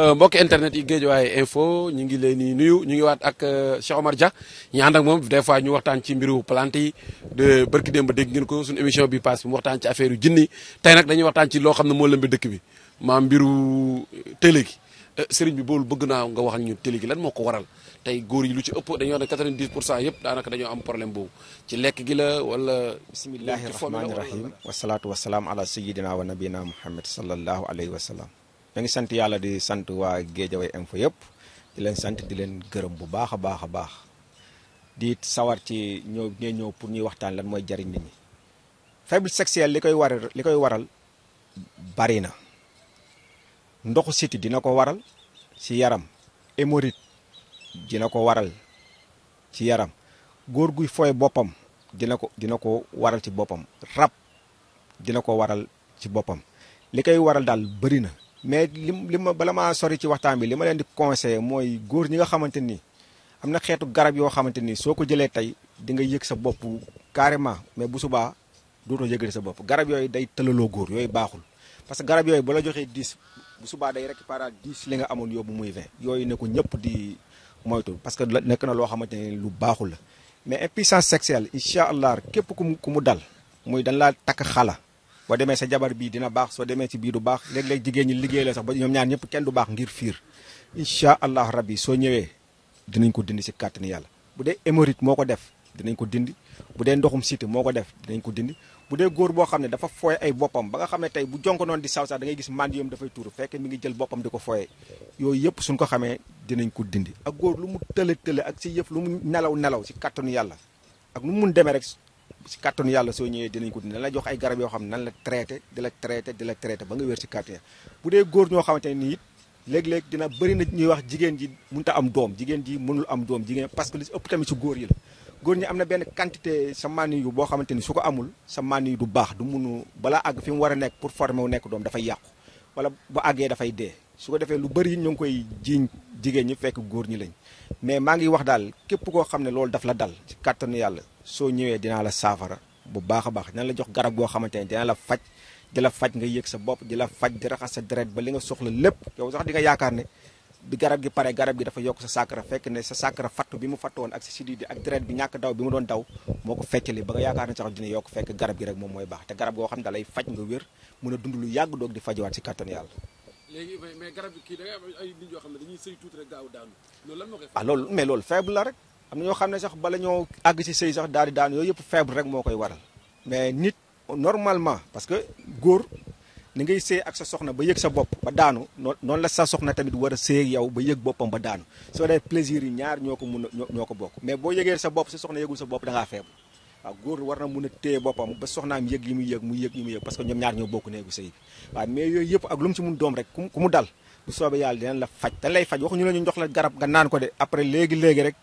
Euh, mbokk internet yi géej waaye info ñu ngi leen di nuyu ñu ngi waat ak euh, Cheikh Omar Dia ñu ànd moom des fois ñu waxtaan ci mbiru plante yi de barki démb dégg ngeen ko suñu émission bi pass mu waxtaan ci affaire yu jinni tey nag dañuy waxtaan ci loo xam ne moo lëmbi dëkk bi maam mbiru euh, télé gi sëriñ bi boolu bëgg naa nga wax ñu télé gi lan moo ko waral tey góor yi lu ci ëpp dañuy wax ne 90 pour yëpp daanaka dañoo am problème boobu ci lekk gi la wala bismillahi rahmaani rahim wasalaatu wasalaam ala sayidina wa nabina muhammad sallallahu alayhi wa sallam ñu ngi sant yalla di sant wa Guédiawaye info yépp di leen sant di leen gërëm bu baaxa baaxa baax di sawar ci ñoo ngay ñoo pour ñuy waxtaan lan moy jariñ nit ñi faible sexuel likoy waral waral bari na ndoxu siti dina ko waral ci yaram hémorite dina ko waral ci yaram gor guy foy bopam dina ko dina ko waral ci bopam rap dina ko waral ci bopam likay waral dal bëri mais li li ma bala maa sori ci waxtaan bi li ma leen di conseillé mooy góor ñi nga xamante ni am na xeetu garab yoo xamante ni soo ko jëlee tey di nga yëg sa bopp carrément mais bu subaa dootoo yëgale sa bopp garab yooyu day tëlaloo góor yooyu baaxul parce que garab yooyu ba la joxee 10 bu subaa day récupérer 10 li nga amoon bu muy vin yooyu ne ko ñëpp di moytu parce que nekk na loo xamante ni lu baaxul la mais impuissance sexuelle incha allah képp ku mu ku mu dal muy dañ laa takk xala Wadai démé sa jabar bi dina bax wadai démé ci bi du leg léeg leg jigéñ ni liggéey la sax ba ñom ñaar ñëpp kenn du bax ngir fiir insha allah rabbi so ñëwé dinañ ko dindi si kàttani yalla bu dé émorite moko def dinañ ko dindi bu dé ndoxum site moko def dinañ ko dindi bu dé góor bo xamné dafa foy ay bopam ba nga xamné tay bu jonko non di saw sax da ngay gis mandiyum da fay yo fekk mi ngi jël bopam diko ko yoy yëpp suñ ko xamé dinañ ko dindi ak góor lu mu ak ci yëf lu mu nelaw nelaw yalla ak lu mu rek si kàttanu yàlla soo ñëwee dinañ ko dindi la jox ay garab yoo xam ne nan la traité di la traité di la traité ba nga wér si kàttan bu dee góor ñoo xamante ne nii léeg-léeg dina bëri na ñuy wax jigéen ji mënuta am doom jigéen ji mënul am doom jigéen parce que li si ëpp tamit si góor yi la góor ñi am na benn quantité sa mànni yu boo xamante ni su ko amul sa mànni yu du baax du munu balaa àgg fi mu war a nekk pour former wu nekk doom dafa yàqu wala bu àggee dafay dee su ko defee lu bëri ñu ngi koy jiiñ jigéen ñi fekk góor ñi lañ mais maa ngi wax daal képp koo xam ne loolu daf la dal si kàttanu yàlla soo ñëwee dinaa la saafara bu baax a baax dina la jox garab goo xamante ne dina la faj di la faj nga yëg sa bopp di la faj di raxas sa deret ba li nga soxla lépp yow sax di nga yaakaar ne bi garab gi pare garab gi dafa yokk sa sàkkara fekk ne sa sàkkara fattu bi mu fattoon ak sa sidi di bi ñàkk daw bi mu doon daw moo ko feccali ba nga yaakaar ne sax dina yokk fekk garab gi rek moom mooy baax te garab goo faj nga wér a dund lu yàgg doog di fajuwaat si kàttan yàlla léegi mais garab gi kii da ngay am ay nit yoo xam ne loolu lan moo ah, rek am na ñoo xam ne sax bala ñoo àgg si sëy sax daal di daan yooyu yëpp faible rek moo koy waral mais nit normalement parce que góor ni ngay sëy ak sa soxna ba yëg sa bopp ba daanu noonu la sa soxna tamit war a sëy yow ba yëg boppam ba daanu soo ñaar ñoo ko mun a ñoo ko bokk mais boo yëgee sa bopp sa soxna yëgul sa bopp da ngaa faible waaw góor war na a téye boppam ba yi muy yëg mu parce que ñoom ñaar ñoo bokk néegu sëy bi waaw mais yooyu yëpp ku mu dal bu soobee yàlla dinañ la faj dañ lay faj waxuñu la ñu jox la garab nga naan ko de après léegi léegi rek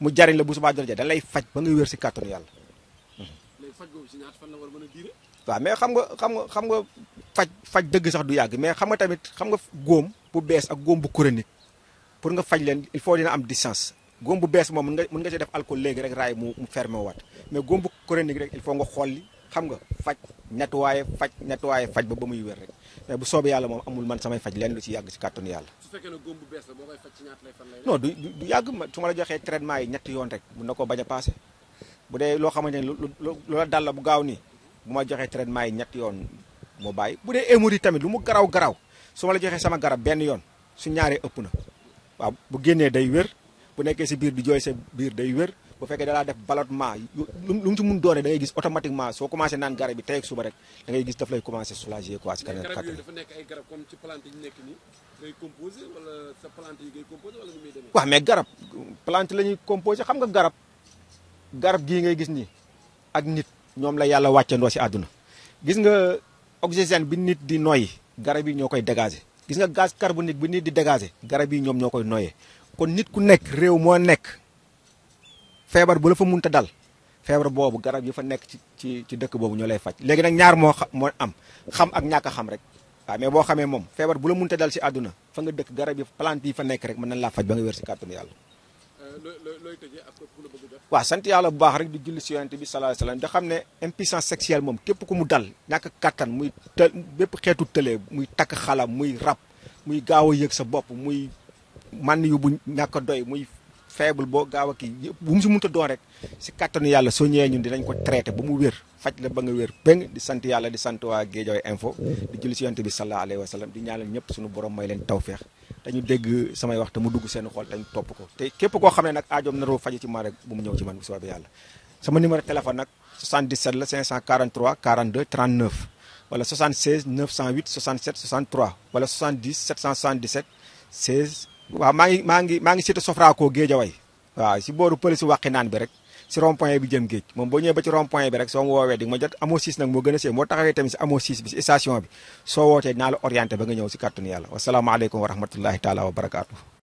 mu jariñ la bu suba jarja da lay faj ba ngay wër ci carton yalla lay fajj boobu ci ñaat fan la war mëna mën a diire. waaw mais xam nga xam nga xam nga fajj fajj deug sax du yag mais xam nga tamit xam nga góom bu bes ak góom bu chronique pour nga fajj len il faut dina am distance góom bu bes mom mën nga mën nga si def alcool léegi rek ray mu fermé wat mais góom bu chronique rek il faut nga xolli xam nga fajj nettoyer fajj nettoyer fajj ba bamuy wër rek te eh, bu soobee yàlla moom amul man samay faj leen lu ci yàgg ci kàttanu yàlla. la boo koy faj ci ñaata lay fan lay. non du yàgg su ma la joxee traitement yi ñetti yoon rek mun na koo bañ paase bu dee loo xamante ne lu la dal bu gaaw nii bu ma joxee traitement yi ñetti yoon moo bu dee émori tamit lu mu garaw garaw su ma la joxee sama garab benn yoon su ñaaree ëpp na waaw bu génnee day wér bu nekkee si biir di jooy sa biir day wér bu fekkee da laa def balotement lu mu ci mun doone da ngay gis automatiquement soo commencé naan garab bi tey ak suba rek da ngay gis daf lay commencé soulager quoi si kanam kàttan ci plante yi nekk mais garab plante la ñuy composé xam nga garab garab gii ngay gis nii ak nit ñoom la yàlla wàccandoo si àdduna gis nga oxygène bi nit di noyyi garab yi ñoo koy dégager gis nga gaz carbonique bi nit di dégager garab yi ñoom ñoo koy noyee kon nit ku nekk réew moo nekk febar bu la fa munta dal febar bobu garab yu fa nek ci ci ci dëkk boobu ñoo lay faj ñaar mo mo am xam ak ñàkk xam rek wa mais bo xame mom febar bu la munta dal si aduna fa nga dekk garab yu plante yi fa nek rek man nañ la faj ba nga wér si kàttanu yàlla euh, wa sant yalla bu baax rek di julli si yonente bi salaa wasallam da xamne impuissance sexuelle mom kep ku mu dal ñàkk kattan muy bepp xetu tele muy tak xala muy rap muy gaaw yeek sa bop muy man yu bu ñaka doy muy faible boo gaaw a kii bu mu si mënta doon rek si kàttanu yàlla soo ñëwee ñun dinañ ko traité ba mu wér faj la ba nga wér péng di sant yàlla di sant waa Guédiawaye info di julli si yonent bi sallallahu alayhi wa sallam di ñaanal ñëpp suñu borom may leen tawféex dañu dégg samay wax te mu dugg seen xol dañ topp ko te képp koo xam ne nag aajoom naroo faju ci man rek bu mu ñëw ci man bu soobee yàlla sama numéro téléphone nag 77 la 543 42 39 wala 76 908 waaw maa ngi maa ngi maa ngi cité Sofraco Guédiawaye waaw si booru pëli si wàqi naan bi rek si rond bi jëm géej moom boo ñëwee ba ci rond bi rek soo ma woowee di ma jot amoo siis moo gën a see moo taxawee tamit si amoo bi si station bi soo wootee naa la orienté ba nga ñëw si kàttanu yàlla wasalaamaaleykum wa rahmatullahi taala wa barakaatu.